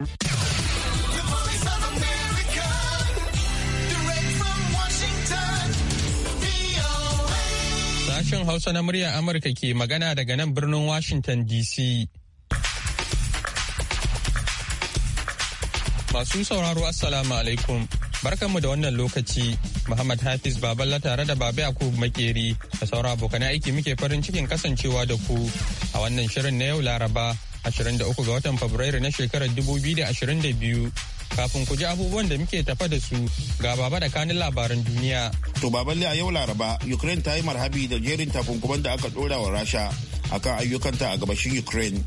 Sashen Hausa na murya Amurka ke magana daga nan birnin Washington DC. Masu sauraro Assalamu alaikum. Barkanmu da wannan lokaci, Muhammad Hafiz Baballa tare da Babi Yakubu Makeri da saura abokan aiki muke farin cikin kasancewa da ku a wannan shirin na yau Laraba 23 ga watan Fabrairu na shekarar 2022 kafin ku ji abubuwan da muke tafa da su ga baba da kanin labaran duniya. To baballe a yau Laraba, Ukraine ta yi marhabi da jerin takunkuman da aka dora wa Rasha akan ayyukanta a gabashin Ukraine.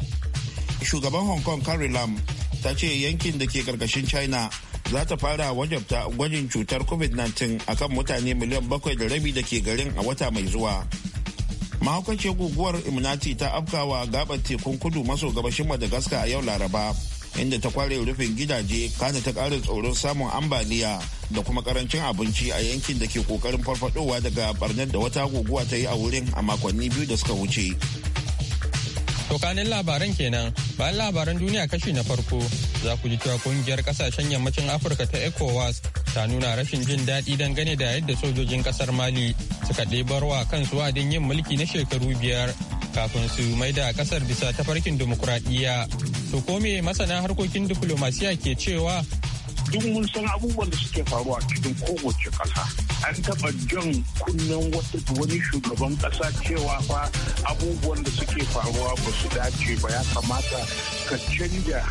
Shugaban Hong Kong Carrie Lam ta ce yankin da ke karkashin China za ta fara wajabta gwajin cutar COVID-19 akan mutane miliyan bakwai da rabi da ke garin a wata mai zuwa. mahaukaciyar guguwar imnati ta afkawa gabar tekun kudu maso gabashin madagascar a yau laraba inda ta kware rufin gidaje kana ta karin tsoron samun ambaliya da kuma karancin abinci a yankin da ke kokarin farfadowa daga barnar da wata guguwa ta yi a wurin a makonni biyu da suka wuce Tokanin labaran kenan bayan labaran duniya kashi na farko za ku ji cewa kungiyar kasashen yammacin Afirka ta ECOWAS ta nuna rashin jin daɗi dangane da yadda sojojin kasar Mali suka ɗebarwa kansu wadin yin mulki na shekaru biyar kafin su maida da ƙasar bisa tafarkin dimokuraɗiyya. To ko me masana harkokin diflomasiya ke cewa duk mun san abubuwan da suke faruwa cikin kowace kasa an taba jan kunnen wani shugaban kasa cewa fa abubuwan da suke faruwa ba su dace ba ya kamata ka canja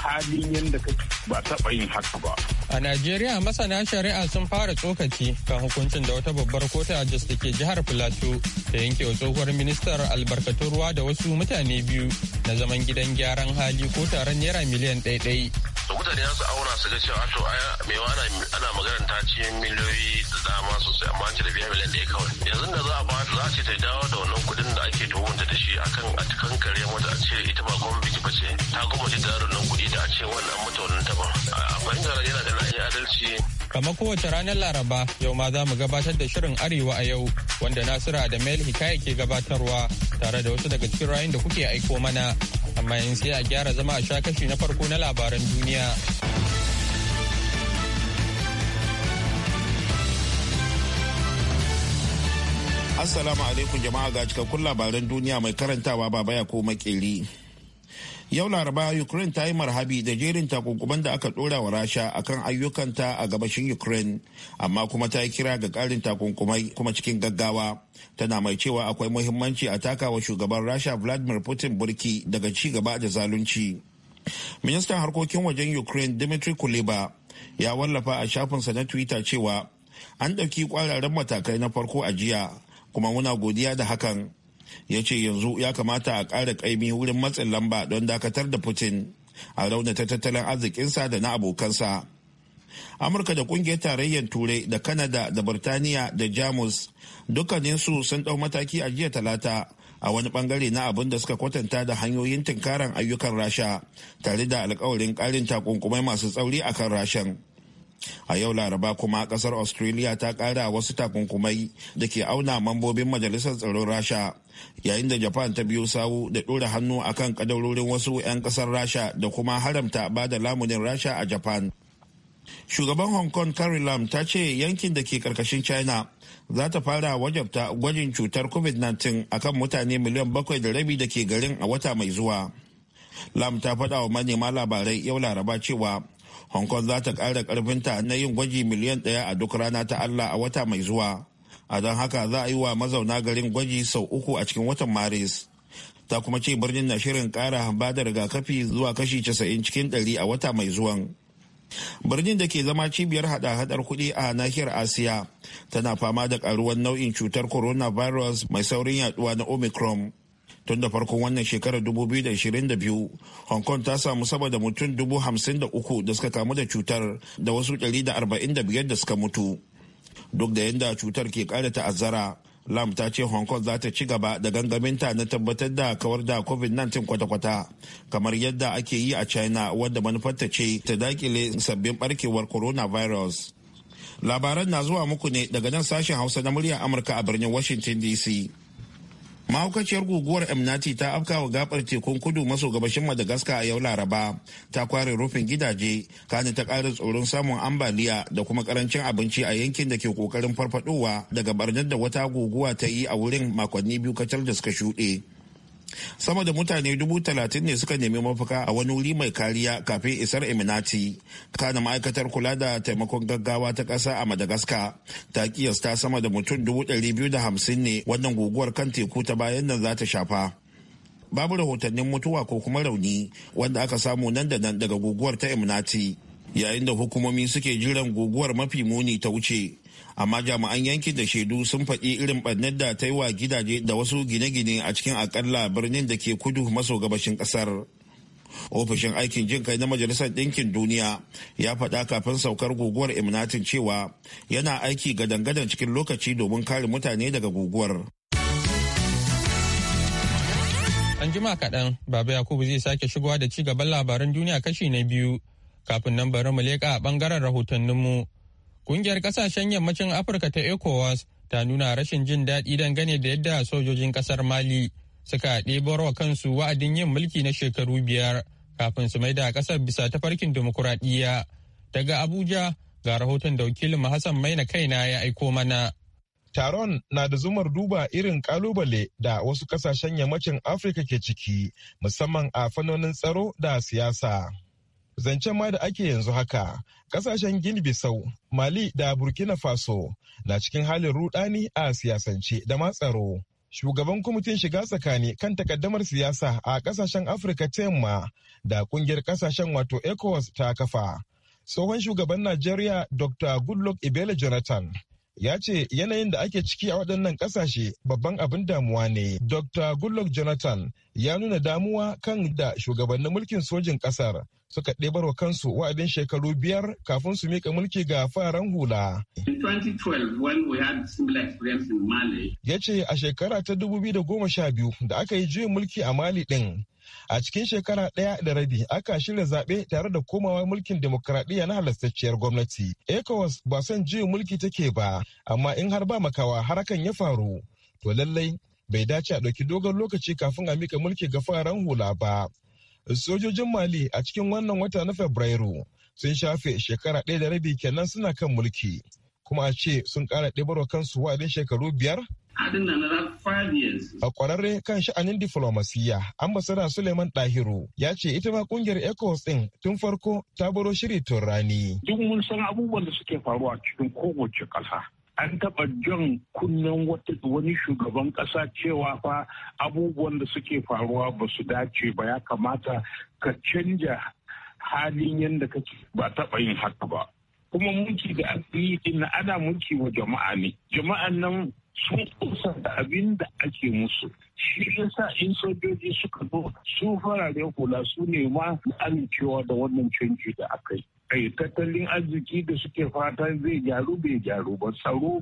halin yadda ka ba taba yin haka ba. A Najeriya masana shari'a sun fara tsokaci kan hukuncin da wata babbar kotu a Jos ke jihar Filato da yanke wa tsohuwar ministar albarkatun ruwa da wasu mutane biyu na zaman gidan gyaran hali ko taron naira miliyan ɗaiɗai to mutane za su auna su ga cewa to mai ana ana maganar ta ci miliyoyi da dama sosai amma ta da biya miliyan ɗaya kawai yanzu da za a ba za a ce ta dawo da wannan kuɗin da ake tuhumta da shi akan a cikin kare mata a ce ita ba kuma biki ba ce ta kuma ji da wannan kuɗi da a ce wannan mata wannan ta ba a fahimtar yana da na'ayin adalci kamar kowace ranar laraba yau ma za mu gabatar da shirin arewa a yau wanda nasira da mel hikaya ke gabatarwa tare da wasu daga cikin rayun da kuke aiko mana amma in sai a gyara zama a sha kashi na farko na labaran duniya. Assalamu alaikum jama'a ga cikakkun labaran duniya mai karantawa baba ya ko makeri. yau laraba ukraine ta yi marhabi da jerin takunkuman da aka dora wa rasha akan ayyukanta a gabashin ukraine amma kuma ta yi kira ga karin takunkumai kuma cikin gaggawa tana mai cewa akwai muhimmanci a takawa shugaban rasha vladimir putin burki daga ci gaba da zalunci ministan harkokin wajen ukraine dmitry kuleba ya wallafa a shafinsa na twitter cewa an ɗauki kwararren matakai na farko a jiya kuma muna godiya da hakan ya ce yanzu ya kamata a ƙara kaimi wurin matsin lamba don dakatar da putin a raunata tattalin arzikinsa da na abokansa amurka da kungiyar tarayyar turai da kanada da birtaniya da jamus dukkaninsu sun ɗau mataki a jiya talata a wani bangare na abin da suka kwatanta da hanyoyin tunkaran ayyukan rasha tare da alkawarin karin takunkumai masu tsauri a kan rashan a yau laraba kuma kasar australia ta kara wasu takunkumai da ke auna mambobin majalisar tsaron rasha yayin da japan ta biyo sawu da ɗora hannu akan kadarorin wasu 'yan ƙasar rasha da kuma haramta ba da lamunin rasha a japan shugaban hong kong carrie lam ta ce yankin da ke karkashin china za ta fara wajabta gwajin cutar covid-19 akan mutane miliyan bakwai da rabi da ke garin a wata mai zuwa lam ta faɗa wa manema labarai yau laraba cewa hong kong za ta ƙara ƙarfinta na yin gwaji miliyan ɗaya a duk rana ta allah a wata mai zuwa a don haka za a yi wa mazauna garin gwaji sau uku a cikin watan maris ta kuma ce birnin na shirin kara ba da rigakafi zuwa kashi casa'in cikin ɗari a wata mai zuwan birnin da ke zama cibiyar hada-hadar kuɗi a nahiyar asiya tana fama da karuwar nau'in cutar coronavirus mai saurin yaduwa na omicron tun da farkon wannan shekarar 2022 hong kong ta samu sama da mutum 53 da suka kamu da cutar da wasu 145 da suka mutu duk da yadda cutar ke kara ta'azzara lam ta ce hong kong za ta ci gaba da gangaminta na tabbatar da kawar da covid-19 kwata-kwata kamar yadda ake yi a china wadda manufarta ce ta dakile sabbin barkewar coronavirus labaran na zuwa muku ne daga nan sashen hausa na murya amurka a birnin washington dc mahaukaciyar guguwar emnati ta afka wa gabar tekun kudu maso gabashin madagascar a yau laraba ta kware rufin gidaje kane ta ƙara tsoron samun ambaliya da kuma karancin abinci a yankin da ke kokarin farfadowa daga barnar da wata guguwa ta yi a wurin makonni biyu kacal da suka shuɗe sama da mutane dubu talatin ne suka nemi mafaka a wani wuri mai kariya kafin isar eminati kana ma'aikatar kula da taimakon gaggawa ta ƙasa a madagascar ta kiyasta sama da mutum dubu ɗari biyu da hamsin ne wannan guguwar kan teku ta bayan nan za ta shafa babu rahotannin mutuwa ko kuma rauni wanda aka samu nan da nan daga guguwar ta eminati yayin da hukumomi suke jiran guguwar mafi muni ta wuce amma jami'an yankin da shaidu sun faɗi irin ɓannar da ta yi wa gidaje da wasu gine-gine a cikin akalla birnin da ke kudu maso gabashin ƙasar ofishin aikin jin kai na majalisar ɗinkin duniya ya faɗa kafin saukar guguwar imnatin cewa yana aiki gadan-gadan cikin lokaci domin kare mutane daga guguwar an jima kaɗan baba yakubu zai sake shigowa da ci gaban labaran duniya kashi na biyu kafin nan bari mu leƙa a ɓangaren rahotanninmu Kungiyar kasashen yammacin Afirka ta ECOWAS ta nuna rashin jin daɗi gane da yadda sojojin ƙasar Mali suka wa kansu wa'adin yin mulki na shekaru biyar kafin su mai da ƙasar bisa tafarkin dimokuraɗiyya. Daga Abuja ga rahoton da wakilin Hassan Maina kaina ya aiko mana. Taron na da zumar duba irin kalubale da wasu kasashen yammacin Afirka ke ciki, musamman a fannonin tsaro da siyasa. zancen ma da ake yanzu haka kasashen gini bisau mali da burkina faso na cikin halin rudani a siyasance da ma tsaro shugaban kwamitin shiga tsakani kan takaddamar siyasa a kasashen afirka ta yamma da kungiyar kasashen wato ecowas ta kafa tsohon shugaban najeriya dr goodluck ibele jonathan ya ce yanayin da ake ciki a waɗannan ƙasashe babban abin damuwa ne. Dr. Goodluck Jonathan ya nuna damuwa kan da shugabannin mulkin sojin ƙasar suka ɗebar wa kansu wa'adin shekaru biyar kafin su mika mulki ga faran hula. Ya ce a shekara ta 2012 da aka yi juyin mulki a Mali ɗin. A cikin shekara ɗaya da rabi aka shirya zaɓe tare da komawa mulkin demokuraɗiyya na halastacciyar gwamnati. ECOWAS ba son juyin mulki take ba, amma in har ba makawa harakan ya faru. To lallai bai dace a ɗauki dogon lokaci kafin a mika mulki ga fararen hula ba. sojojin mali a cikin wannan wata na fabrairu sun shafe shekara ɗaya da rabi kenan suna kan mulki kuma a ce sun ƙara ɗibarwa kansu wa'adin shekaru biyar A ƙwararre kan sha'anin diflomasiyya, ambasada Suleiman ɗahiru ya ce ita ma ƙungiyar ECOWAS ɗin tun farko ta baro shiri tun rani. Duk mun san abubuwan da suke faruwa cikin kowace ƙasa. an taɓa jan kunnen wani shugaban ƙasa cewa fa abubuwan da suke faruwa ba su dace ba ya kamata ka canja halin yadda kake ba taɓa yin haka ba kuma mulki da ake yi na ana mulki wa jama'a ne jama'an nan sun kusa da abin da ake musu shi yasa in sojoji suka zo su farare hula su ne ma amincewa da wannan canji da aka yi tattalin arziki da suke fata zai gyaru bai gyaru ba tsaro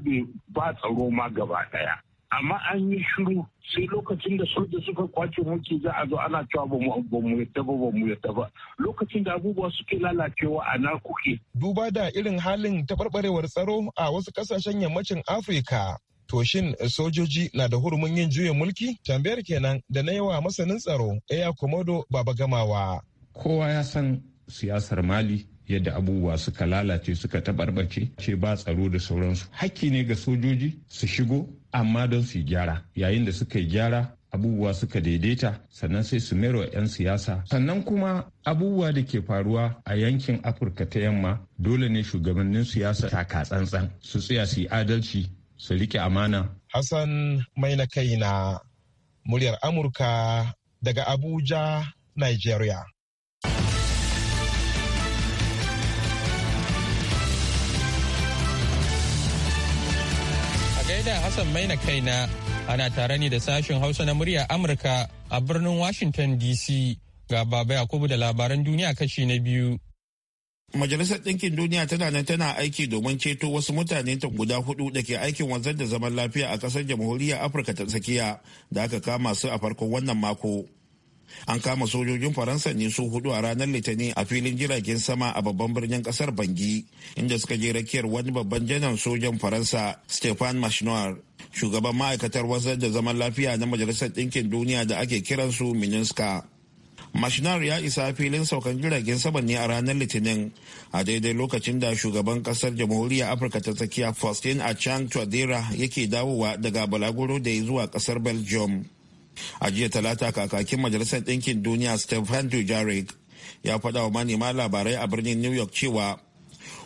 ba tsaro ma gaba daya amma an yi shiru sai lokacin da soja suka kwace mulki za a zo ana cewa ba mu ba mu yadda ba ba mu yadda ba lokacin da abubuwa suke lalacewa a na kuke duba da irin halin taɓarɓarewar tsaro a wasu ƙasashen yammacin afirka to shin sojoji na da hurumin yin juya mulki tambayar kenan da na yawa masanin tsaro eya komodo baba gamawa kowa ya san siyasar mali yadda abubuwa suka lalace suka taɓarɓace ce ba tsaro da sauransu hakki ne ga sojoji su shigo amma don su yi gyara yayin da suka yi gyara abubuwa suka daidaita sannan sai su mero 'yan siyasa sannan kuma abubuwa da ke faruwa a yankin afirka ta yamma dole ne shugabannin siyasa taka tsantsan su tsaya su yi adalci su rike amana hassan mai na kai na muryar amurka daga abuja nigeria Shaida Hassan Maina kaina ana tare ne da sashen Hausa na murya Amurka a birnin Washington DC ga Baba Yakubu da labaran duniya kashi na biyu. Majalisar Ɗinkin Duniya tana nan tana aiki domin ceto wasu mutane ta guda hudu da ke aikin wanzar da zaman lafiya a ƙasar Jamhuriyar Afirka ta tsakiya da aka kama su a farkon wannan mako. an kama sojojin faransa ne su hudu a ranar litinin a filin jiragen sama a babban birnin kasar bangi inda suka je rakiyar wani babban janar sojan faransa stefan machinoir shugaban ma'aikatar wasan da zaman lafiya na majalisar ɗinkin duniya da ake kiransu minista mashinar ya isa filin saukan jiragen sama ne a ranar litinin a daidai lokacin da shugaban kasar jamhuriyar afirka ta tsakiya faustin achang twadera yake dawowa daga balaguro da ya zuwa kasar belgium a jiya talata kakakin majalisar ɗinkin duniya Stephen dujarric ya faɗa wa manema labarai a birnin new york cewa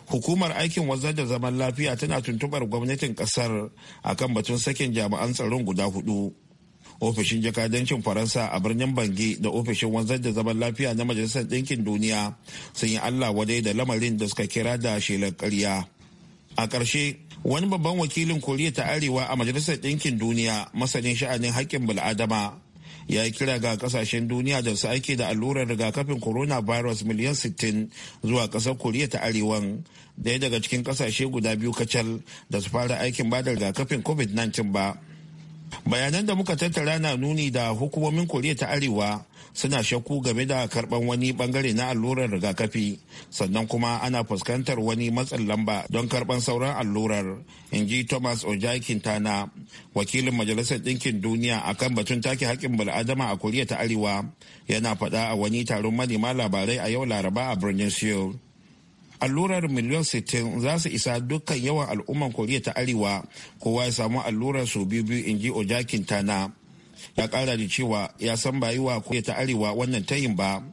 hukumar aikin wazar da zaman lafiya tana tuntubar gwamnatin kasar kan batun sakin jami'an tsaron guda hudu ofishin jakadancin faransa a birnin bangi da ofishin wanzar da zaman lafiya na majalisar ɗinkin duniya sun yi allah wadai da lamarin da suka kira da shelar karya a ƙarshe wani babban wakilin koriya ta arewa a majalisar ɗinkin duniya masanin sha'anin haƙƙin bil'adama ya yi kira ga ƙasashen duniya da su aiki da allurar rigakafin coronavirus miliyan 60 zuwa ƙasar koriya ta arewan daya daga cikin ƙasashe guda biyu kacal da su fara aikin ba da rigakafin covid-19 ba bayanan da muka tattara na nuni da hukumomin koriya ta arewa suna shakku game da karban wani bangare na allurar rigakafi sannan kuma ana fuskantar wani matsin lamba don karban sauran allurar in ji thomas ojakin tana wakilin majalisar ɗinkin duniya akan batun take haƙƙin bal'adama a koriya ta arewa yana faɗa a wani taron manema labarai a yau laraba a birnin seoul allurar miliyan 60 za su isa dukkan yawan al'umman koriya ta arewa kowa ya samu allurar su biyu biyu in ji ojakin tana ya kara da cewa ya san ba yi wa koriya ta arewa wannan tayin ba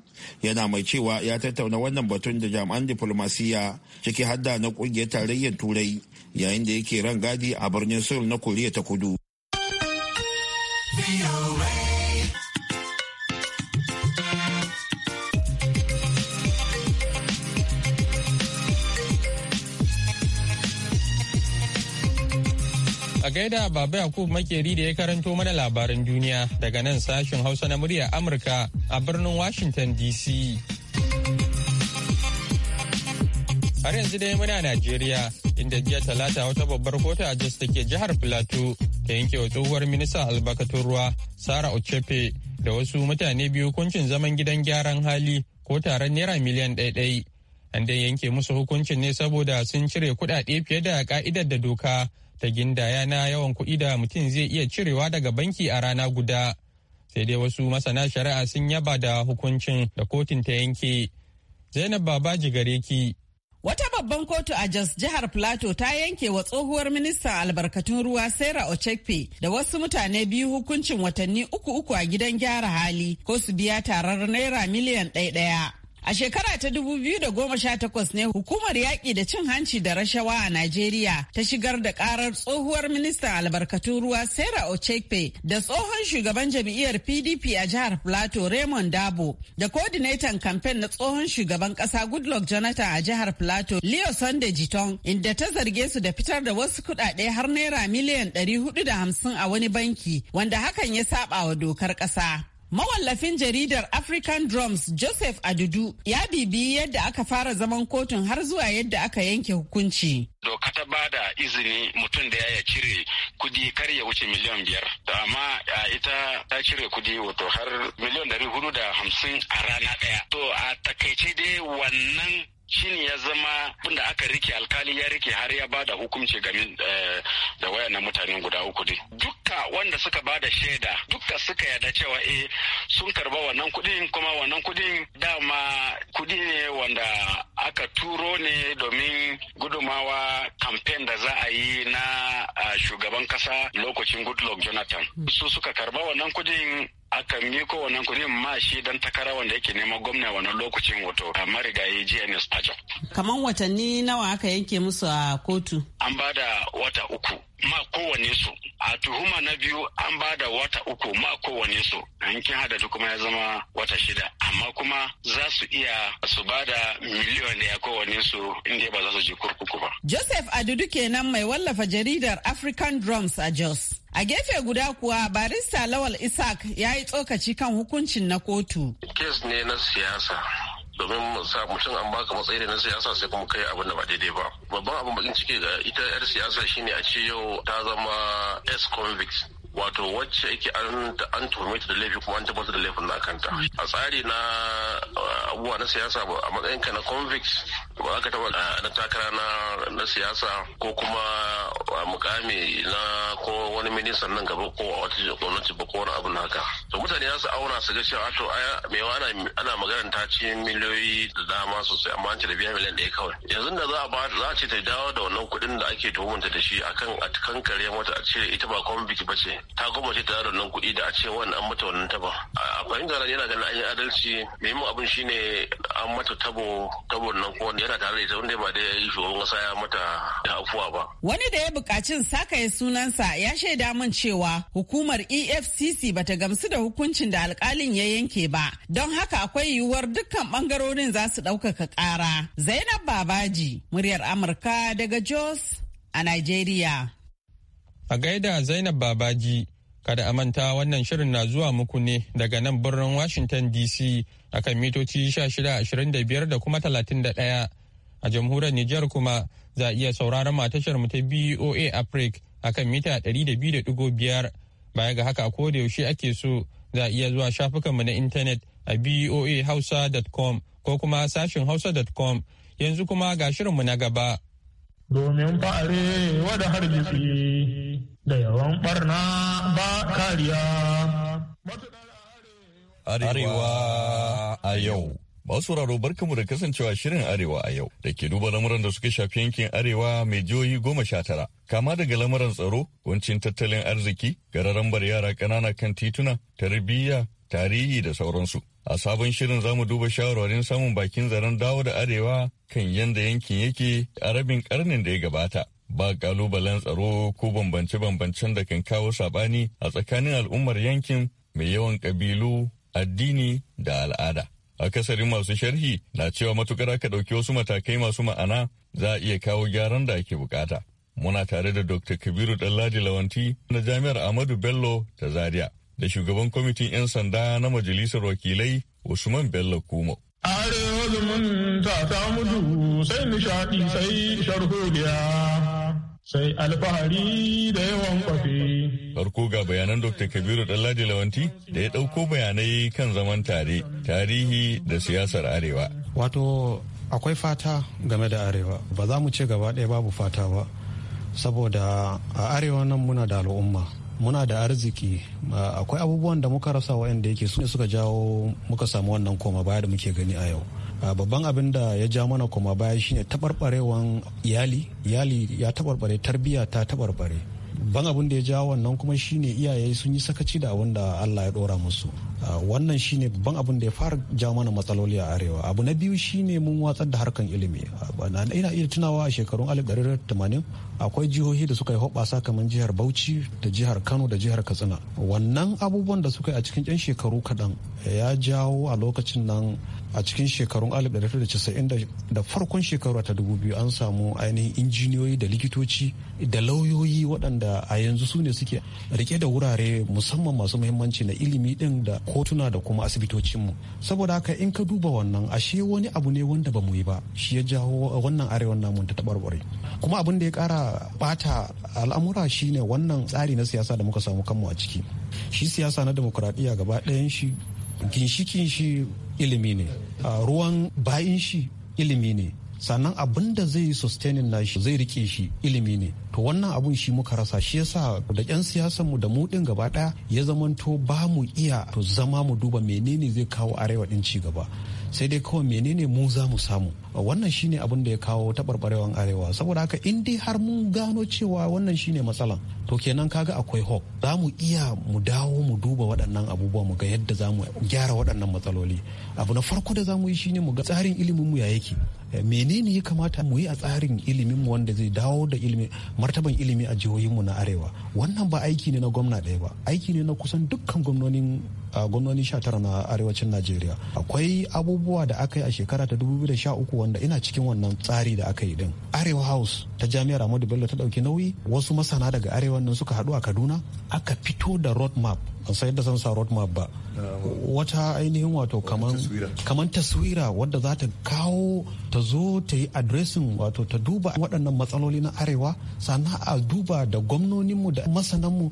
yana mai cewa ya tattauna wannan batun da jami'an diplomasiya ciki hadda na kungiyar tarayyar turai yayin da yake ran gadi a birnin seoul na koriya ta kudu A gaida babu Yakub Makeri da ya karanto mana labaran duniya daga nan sashen Hausa na murya Amurka a birnin Washington DC. Har yanzu dai muna Najeriya inda jiya talata wata babbar kotu a Jos take jihar Filato ta yanke wa tsohuwar minista albarkatun ruwa Sara Ochepe da wasu mutane biyu hukuncin zaman gidan gyaran hali ko taron naira miliyan ɗaiɗai. An dai yanke musu hukuncin ne saboda sun cire kuɗaɗe fiye da ka'idar da doka ta gindaya na yawan kuɗi da mutum zai iya cirewa daga banki a rana guda sai dai wasu masana shari'a sun yaba da hukuncin da kotun ta yanke zainab babaji gare ki Wata babban kotu a Jos jihar plato ta yanke wa tsohuwar ministan albarkatun ruwa Sarah Ochekpe da wasu mutane biyu hukuncin watanni uku uku a gidan gyara hali ko su biya tarar naira miliyan ɗaya ɗaya. A shekara ta 2018 ne hukumar yaƙi da cin hanci da rashawa a Najeriya ta shigar da ƙarar tsohuwar ministan albarkatun ruwa Sarah Ochepe da tsohon shugaban jam'iyyar PDP a jihar Plateau Raymond Dabo da coordinator kamfen na tsohon shugaban ƙasa Goodluck Jonathan a jihar Plateau Leo Sunday Jitong inda ta zarge su da fitar da wasu kuɗaɗe har naira miliyan 450 a wani banki wanda hakan ya saɓa wa dokar ƙasa. Mawallafin jaridar African Drums Joseph Adudu ya bibi yadda aka fara zaman kotun har zuwa yadda aka yanke hukunci. Doka ta ba da izini mutum da ya cire kudi kar ya wuce miliyan biyar. Amma ita ta cire kudi wato har miliyan dari hudu da hamsin a rana ɗaya. To a takaice dai wannan shine ya zama da aka rike alkali ya rike har ya bada hukunci game eh, da na mutane guda uku ne dukka wanda suka bada shaida dukka suka yarda cewa eh sun karba wannan kudin kuma wannan kudin dama kudi ne wanda aka turo ne domin gudumawa kamfen da za a yi na eh, shugaban kasa lokacin goodluck jonathan hmm. su suka karba wannan kudin aka miko wannan kudin ma shi dan takara wanda yake neman gwamna wannan lokacin wato marigayi GNS Pajo. Kaman watanni nawa aka yanke musu a kotu? An bada wata uku. ma kowane su a tuhuma na biyu an ba da wata uku ma kowane su an kin hada kuma ya zama wata shida amma kuma za su iya su ba da miliyon a ya kowane su inda ba za su je kurkuku ba. Joseph Adudu kenan mai wallafa jaridar African Drums a Jos. A gefe guda kuwa barista Lawal Isaac ya yi tsokaci kan hukuncin na kotu. Kes ne na siyasa domin sa mutum an baka matsayi da na siyasa sai kuma kai abin da ba daidai ba babban abin bakin ciki ga ita yar siyasa shine a ce yau ta zama ex convict wato wacce yake an tuhume ta da laifi kuma an tabbatar da laifin na kanta mm. a tsari na uh, abubuwa na siyasa a ka na convict ba ka taba uh, na takara na siyasa ko kuma a uh, mukami na ko wani ministan nan gaba ko a wata gwamnati ba ko wani abin haka to mutane za su auna su ga cewa to yawa ana magana ta ci miliyoyi da dama sosai amma an ce da biya miliyan ɗaya kawai yanzu da za a ba za a ce ta dawo da wannan kuɗin da ake tuhumunta da shi akan a kankare mata a ce ita ba convict ba ce ta gwamnati ta nan kuɗi da a ce wannan an mata wannan tabon a fahimta na yana ganin an yi adalci muhimmin abin shine an mata tabo tabon nan wani yana tare da ita wanda ba da yi shugaban kasa ya mata da afuwa ba wani da ya buƙaci saka ya sunansa ya shaida min cewa hukumar EFCC bata gamsu da hukuncin da alƙalin ya yanke ba don haka akwai yiwuwar dukkan bangarorin za su ɗaukaka ƙara Zainab Babaji muryar Amurka daga Jos a Nigeria A gaida Zainab Babaji, kada a manta wannan shirin na zuwa muku ne daga nan birnin Washington DC akan mitoci 1625 da kuma 31. A jamhuriyar Nijar kuma za a iya sauraron matashar mu ta BOA Africa akan mita 200.5 baya ga haka ko da yaushe ake so za a iya zuwa shafukanmu na intanet a boa hausa.com ko kuma sashin hausa.com yanzu kuma ga shirinmu na gaba. domin fa'are wada hargitsi da yawan barna ba kariya. Arewa a yau Masu raro barkamu da kasancewa shirin Arewa a yau da ke duba lamuran da suka shafi yankin Arewa mai jihohi goma sha tara. Kama daga lamuran tsaro, kuncin tattalin arziki, gararambar yara ƙanana kan tituna, tarbiyya, tarihi da sauransu. A sabon shirin za mu duba shawarwarin samun bakin zaren dawo da arewa kan yadda yankin yake a rabin karnin da ya gabata. Ba kalubalen tsaro ko bambance-bambancen da kan kawo saɓani a tsakanin al'ummar yankin mai yawan ƙabilu, addini da al'ada. Akasarin masu sharhi na cewa matukar aka ɗauki wasu matakai masu ma'ana za a iya kawo gyaran da ake bukata. Muna tare da Dr. Kabiru Ɗanladi Lawanti na Jami'ar Amadu Bello ta Zaria. da shugaban kwamitin 'yan sanda na majalisar wakilai Usman Bello Kumo. Are zumun ta samu sai nishaɗi sai sharholiya sai alfahari da yawan Farko ga bayanan Dr. Kabiru Ɗanladi Lawanti da ya ɗauko bayanai kan zaman tare, tarihi da siyasar Arewa. Wato akwai fata game da Arewa, ba za mu ce gaba ɗaya babu fata ba, saboda a Arewa nan muna da al'umma. muna da arziki akwai abubuwan da muka rasa wa'anda yake su ne suka jawo muka samu wannan koma baya da muke gani a yau babban abin da ya ja mana koma baya shine taɓarɓarewan iyali iyali ya taɓarɓare tarbiyya ta taɓarɓare ban abin da ya ja wannan kuma shine iyaye sun yi sakaci da abin da allah ya dora musu wannan shine ban abin da ya fara ja mana matsaloli a arewa abu na biyu shine mun watsar da harkan ilimi ina iya tunawa a shekarun 1980 akwai jihohi da suka yi hoɓasa kamar jihar bauchi da jihar kano da jihar katsina wannan abubuwan da suka yi a cikin 'yan shekaru kaɗan ya jawo a lokacin nan a cikin shekarun 1990 da farkon shekaru ta 2000 an samu ainihin injiniyoyi da likitoci da lauyoyi waɗanda a yanzu su ne suke rike da wurare musamman masu muhimmanci na ilimi din da kotuna da kuma asibitocinmu saboda haka in ka duba wannan ashe wani abu ne wanda ba mu yi ba shi ya jawo wannan arewan namun ta tabarbare kuma abin da ya kara ɓata al'amura shine wannan tsari na siyasa da muka samu kanmu a ciki shi siyasa na demokuraɗiyya gaba ɗayan shi ginshikin shi ilimi ne ruwan bayin shi ilimi ne sannan abin da zai yi sustaining nashi zai rike shi ilimi ne to wannan abun shi muka rasa shi yasa da yan siyasan mu da mu din gaba daya ya zamanto ba mu iya to zama mu duba menene zai kawo arewa din ci gaba sai dai kawai menene mu za mu samu wannan shine abin da ya kawo taɓarɓarewan arewa saboda haka in dai har mun gano cewa wannan shine matsalan to kenan kaga akwai hope za mu iya mu dawo mu duba waɗannan abubuwa mu ga yadda za mu gyara waɗannan matsaloli abu na farko da za mu yi shine mu ga tsarin ilimin mu ya yake menene ya kamata mu yi a tsarin ilimin mu wanda zai dawo da ilimi martaban ilimi a jihohinmu na arewa wannan ba aiki ne na gwamna ɗaya ba aiki ne na kusan dukkan gwamnonin a gwamnoni 19 na arewacin najeriya akwai abubuwa da aka yi a shekara ta 2013 wanda ina cikin wannan tsari da aka yi din arewa house ta jami'ar ahmadu bello ta dauki nauyi wasu masana daga arewa nan suka haɗu a kaduna aka fito da road map ban san yadda zan sa road map ba wata ainihin wato kaman taswira wadda za ta kawo ta zo ta yi addressing wato ta duba waɗannan matsaloli na arewa sannan a duba da gwamnoninmu da masananmu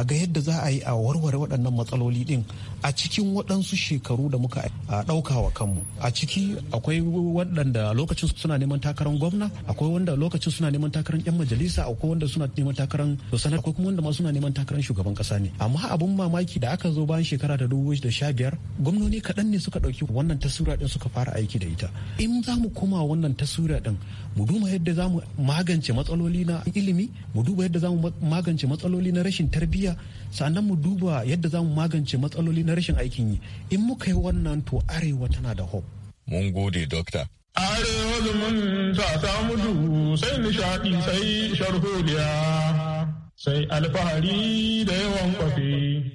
a ga yadda za a yi a warware waɗannan matsaloli ɗin a cikin waɗansu shekaru da muka ɗauka wa kanmu a ciki akwai waɗanda lokacin suna neman takarar gwamna akwai wanda lokacin suna neman takarar yan majalisa akwai wanda suna neman takarar sanar akwai kuma wanda ma suna neman takarar shugaban kasa ne amma abun mamaki da aka zo bayan shekara da dubu da sha biyar gwamnoni kaɗan ne suka ɗauki wannan taswira ɗin suka fara aiki da ita in za mu koma wannan taswira ɗin mu duba yadda za mu magance matsaloli na ilimi mu duba yadda za mu magance matsaloli na rashin tarbiyya sannan mu duba yadda za mu magance matsaloli na rashin aikin yi in muka yi wannan to arewa tana da hope. mun gode dokta arewa zumunta ta mutu sai nishaɗi sai sharholiya sai alfahari da yawan kwafi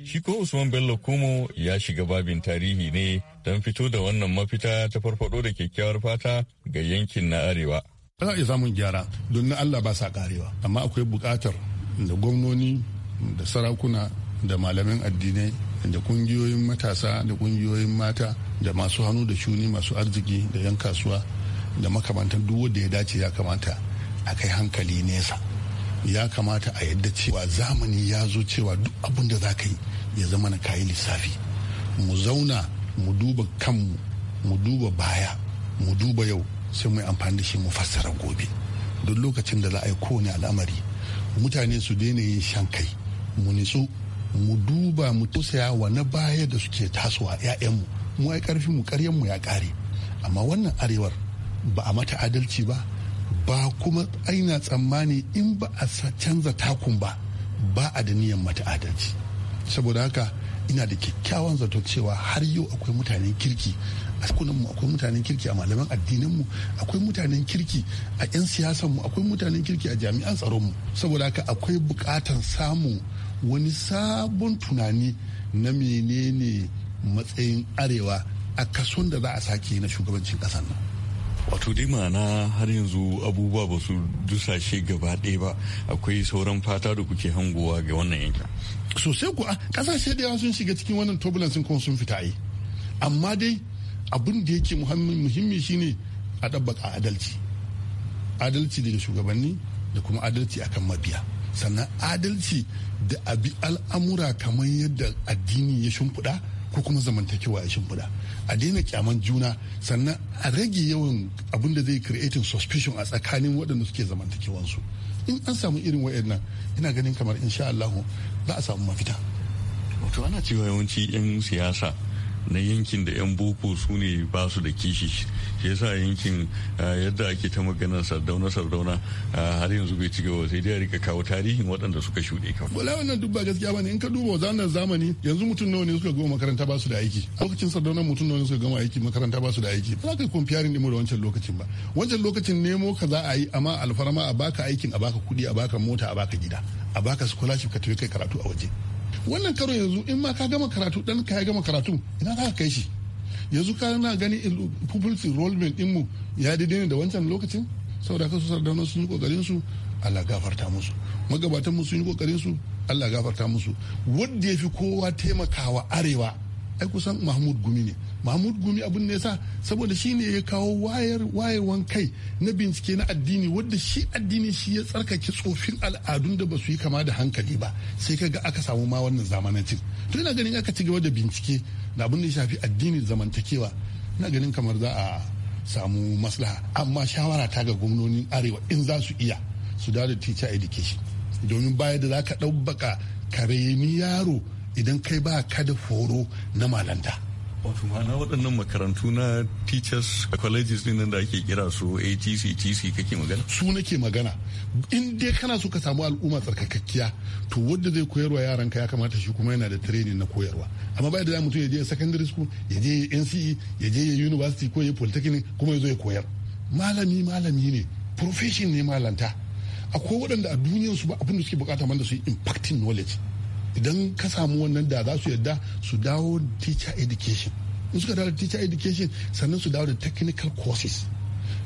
Shi ko Usman Bello Kumo ya shiga babin tarihi ne don fito da wannan mafita ta farfado da kyakkyawar fata ga yankin na Arewa. Za a iya samun gyara don na Allah ba sa karewa, amma akwai bukatar da gwamnoni da sarakuna da malamin addinai da kungiyoyin matasa da kungiyoyin mata da masu hannu da shuni masu arziki da 'yan kasuwa da makamantan duk wanda ya dace ya kamata a kai hankali nesa ya kamata a yadda cewa zamani ya zo cewa duk abin da za ka yi ya zama na kayi lissafi mu zauna mu duba kanmu mu duba baya mu duba yau sai mu yi amfani da shi mu fassara gobe don lokacin da za a yi kowane al'amari mutane su daina yin shan kai mu nitsu mu duba mu tausaya wa na baya da suke tasowa 'ya'yanmu mu ai karfin mu karyan mu ya kare amma wannan arewar ba a mata adalci ba ba kuma aina tsammani in ba a canza takun ba ba a da niyan mata adalci saboda haka ina da kyakkyawan zato cewa har yau akwai mutanen kirki a kunanmu akwai mutanen kirki a malaman addininmu akwai mutanen kirki a 'yan siyasanmu akwai mutanen kirki a jami'an tsaronmu saboda haka akwai bukatan samun wani sabon tunani na menene matsayin arewa a kason da za a sake na shugabancin kasan nan wato dai ma'ana har yanzu abubuwa ba su dusashe gaba ɗaya ba akwai sauran fata da kuke hangowa ga wannan yanka sosai kuwa ƙasashe da yawa sun shiga cikin wannan turbulence kuma sun fita yi amma dai abin da yake muhimmi shine a ɗabbaka adalci adalci daga shugabanni da kuma adalci akan mabiya sannan adalci da abi al'amura kamar yadda addini ya shimfiɗa ko kuma zamantakewa ya shimfiɗa a daina kyaman juna sannan a rage yawan abin da zai creating suspicion a tsakanin waɗanda suke zamantakewansu in an samu irin wa'annan ina ganin kamar insha Allah za a samu mafita wato ana cewa yawanci yan siyasa na yankin da 'yan boko su ne ba su da kishi shi yasa yankin yadda ake ta maganar sardauna sardauna har yanzu bai ci gaba sai dai a rika kawo tarihin waɗanda suka shuɗe kawai. wala wannan duk ba gaskiya bane in ka duba zanen zamani yanzu mutum nawa ne suka goma makaranta ba su da aiki lokacin sardauna mutum nawa ne suka gama aiki makaranta ba su da aiki ba za ka yi kwamfiyarin da wancan lokacin ba wancan lokacin nemo ka za a yi amma alfarma a baka aikin a baka kuɗi a baka mota a baka gida a baka scholarship ka tafi kai karatu a waje wannan karo yanzu in ma ka gama karatu dan ka gama karatu ina za ka kai shi yanzu ka na gani public enrollment din mu ya daidai da wancan lokacin saboda ka su da sun yi kokarin su Allah gafarta musu magabatan mu sun yi kokarin su Allah gafarta musu wanda ya fi kowa taimakawa arewa ai kusan Mahmud Gumi ne mahmud gumi abin ne ya sa saboda shi ne ya kawo wayar wayewan kai na bincike na addini wadda shi addini shi ya tsarkake tsofin al'adun da ba su yi kama da hankali ba sai ka ga aka samu ma wannan zamanancin to ina ganin aka ci gaba da bincike da abin da ya shafi addini zamantakewa ina ganin kamar za a samu maslaha amma shawara ta ga gwamnonin arewa in za su iya su da teacher education domin baya da za ka kare karemi yaro idan kai ba ka da horo na malanta wato ma'ana waɗannan makarantu na teachers colleges din da ake kira su atc tc kake magana su nake magana in dai kana so ka samu al'umma tsarkakakkiya to wanda zai koyarwa yaran ka ya kamata shi kuma yana da training na koyarwa amma ba da mutum ya je secondary school ya je nce ya je university ko ya polytechnic kuma ya zo ya koyar malami malami ne profession ne malanta akwai waɗanda a duniyarsu ba abin suke bukata man da su yi impacting knowledge idan ka samu wannan da za su yadda su dawo teacher education in suka dawo teacher education sannan su dawo da technical courses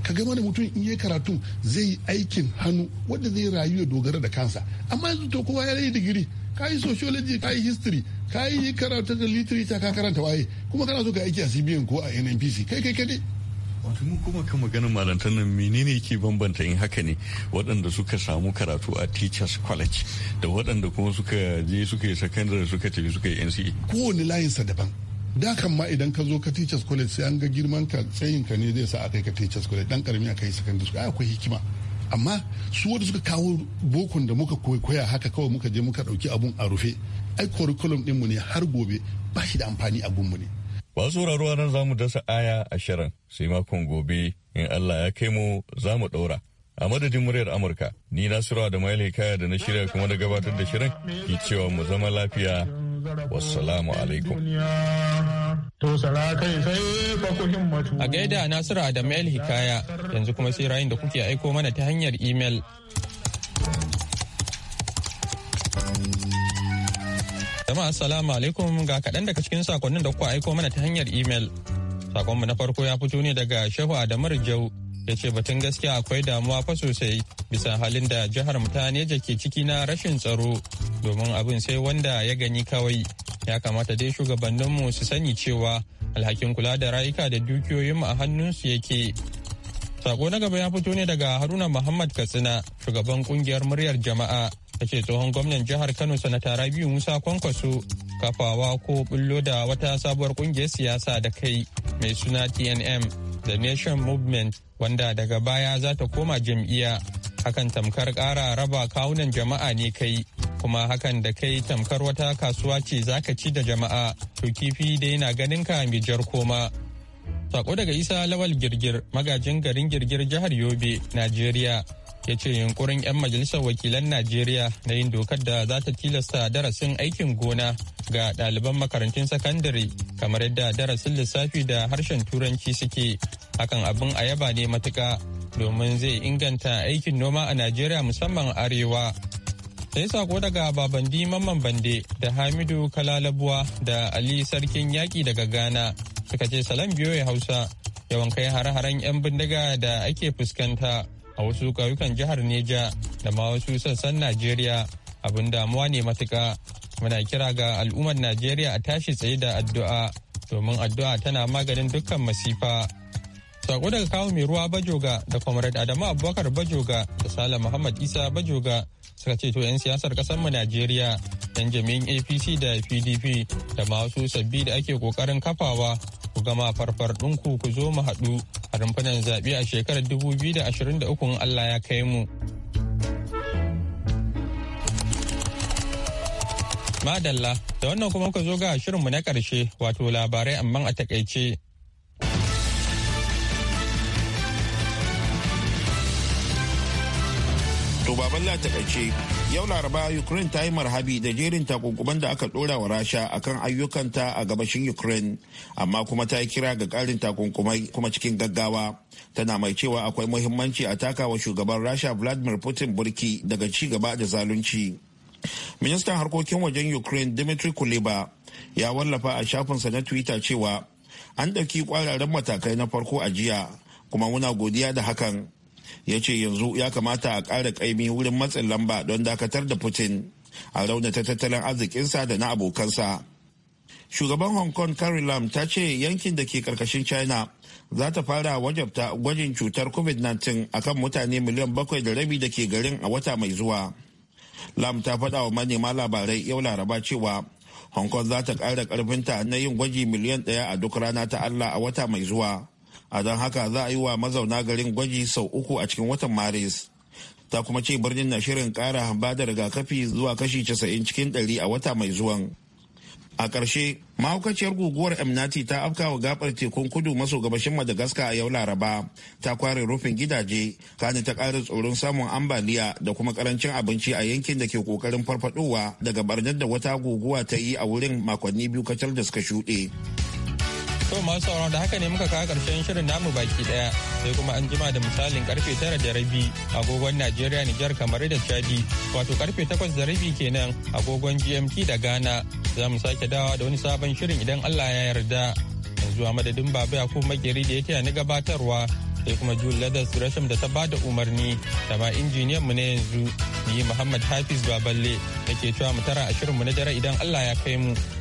ka gama da mutum in yi karatu zai yi aikin hannu wanda zai rayu ya dogara da kansa amma yanzu to kowa ya yi digiri ka yi sociology ka yi history ka yi karatu da literature ka karanta waye kuma kana so ka aiki a cbn ko a nnpc kai kai kai wato mun kuma kan maganin malantar nan menene yake bambanta in haka ne waɗanda suka samu karatu a teachers college da waɗanda kuma suka je suka yi secondary suka tafi suka yi NCE kowane layinsa daban da kan ma idan ka zo ka teachers college sai an ga girman ka tsayin ka ne zai sa aka yi ka teachers college dan karami a kai secondary school akwai hikima amma su wanda suka kawo bokon da muka koya haka kawai muka je muka ɗauki abun a rufe ai curriculum din mu ne har gobe ba shi da amfani a gunmu ne basu sauraro nan za dasa aya ashirin sai makon gobe in Allah ya kai mu za mu ɗaura. A madadin muryar Amurka, ni na surawa da Maile Kaya da na shirya kuma da gabatar da shirin ki cewa mu zama lafiya. Wassalamu alaikum. A gaida Nasiru Adamu El Hikaya yanzu kuma sai rayun da kuke aiko mana ta hanyar imel. Jama'a assalamu alaikum ga kaɗan daga cikin sakonnin da kuka aiko mana ta hanyar imel. Sakonmu na farko ya fito ne daga Shehu Adamar Jau ya ce batun gaskiya akwai damuwa fa sosai bisa halin da jihar mutane ke ciki na rashin tsaro domin abin sai wanda ya gani kawai. Ya kamata dai shugabanninmu su sani cewa alhakin kula da rayuka da dukiyoyinmu a hannunsu yake. Sako na gaba ya fito ne daga Haruna Muhammad Katsina, shugaban kungiyar muryar jama'a, ta ce tsohon gwamnan jihar kano sanata rabiu musa kwankwaso kafawa ko bullo da wata sabuwar kungiyar siyasa da kai mai suna tnm the nation movement wanda daga baya za ta koma jam'iyya hakan tamkar ƙara raba kawunan jama'a ne kai kuma hakan da kai tamkar wata kasuwa ce za ka ci da jama'a to kifi da yana ganin ka mai koma sako daga isa lawal girgir magajin garin girgir jihar yobe najeriya ya ce yunkurin 'yan majalisar wakilan najeriya na yin dokar da za ta tilasta darasin aikin gona ga ɗaliban makarantun sakandare kamar yadda darasin lissafi da harshen turanci suke hakan abin a yaba ne matuka domin zai inganta aikin noma a najeriya musamman arewa sai sako daga babandi mamman bande da hamidu kalalabuwa da ali sarkin yaƙi daga ghana suka ce salam biyo hausa yawan kai hare-haren 'yan bindiga da ake fuskanta a wasu ƙauyukan jihar Neja da ma wasu sassan Najeriya abin damuwa ne matuka Muna kira ga al'ummar Najeriya a tashi tsaye da addu'a domin addu'a tana maganin dukkan masifa. Sako daga kawo mai ruwa Bajoga da Comrade Adamu Abubakar Bajoga da Sala Muhammad Isa Bajoga suka ce to 'yan siyasar mu Najeriya, 'yan jami'in APC da PDP da ma wasu sabbi da ake kokarin kafawa gama farfar ɗinku ku zo mu haɗu a rumfunan zaɓe a shekarar 2023 in Allah ya kai mu. Madalla, da wannan kuma muka zo ga shirinmu na ƙarshe wato labarai amma a takaice. To baban ta takaice yau laraba ukraine ta yi marhabi da jerin takunkuman da aka dora wa rasha akan ayyukanta a gabashin ukraine amma kuma ta yi kira ga karin takunkumai kuma cikin gaggawa tana mai cewa akwai muhimmanci a takawa shugaban rasha vladimir putin burki daga ci gaba da zalunci ministan harkokin wajen ukraine dimitri kuleba ya wallafa a shafinsa na twitter cewa an ɗauki kwararren matakai na farko a jiya kuma muna godiya da hakan ya ce yanzu ya kamata a ƙara kaimi wurin matsin lamba don dakatar da putin a raunata tattalin arzikinsa da na abokansa shugaban hong kong carrie lam ta ce yankin da ke karkashin china za ta fara wajabta gwajin cutar covid-19 a kan mutane miliyan bakwai da rabi da ke garin a wata mai zuwa lam ta faɗa wa manema labarai yau laraba cewa hong kong za ta ƙara ƙarfinta na yin gwaji miliyan ɗaya a duk rana ta allah a wata mai zuwa a don haka za a yi wa mazauna garin gwaji sau uku a cikin watan maris ta kuma ce birnin na shirin kara hamba da rigakafi zuwa kashi 90 cikin 100 a wata mai zuwan a ƙarshe mahaukaciyar guguwar emnati ta afkawa gabar tekun kudu maso gabashin madagascar a yau laraba ta kware rufin gidaje kani ta ƙara tsoron samun ambaliya da kuma ƙarancin abinci a yankin da ke ƙoƙarin farfadowa daga barnar da wata guguwa ta yi a wurin makonni biyu kacal da suka shuɗe. To masu sauran da haka ne muka kawo karshen shirin namu baki daya sai kuma an jima da misalin karfe tara da rabi agogon Najeriya niger kamar da Chadi wato karfe takwas da rabi kenan agogon GMT da Ghana za mu sake dawa da wani sabon shirin idan Allah ya yarda yanzu amadadin madadin baba ya kuma makeri da yake na gabatarwa sai kuma Jul Ladas Gresham da ta ba da umarni da ma injiniyan mu na yanzu ni Muhammad Hafiz Baballe nake cewa mu tara a shirin mu na dare idan Allah ya kai mu.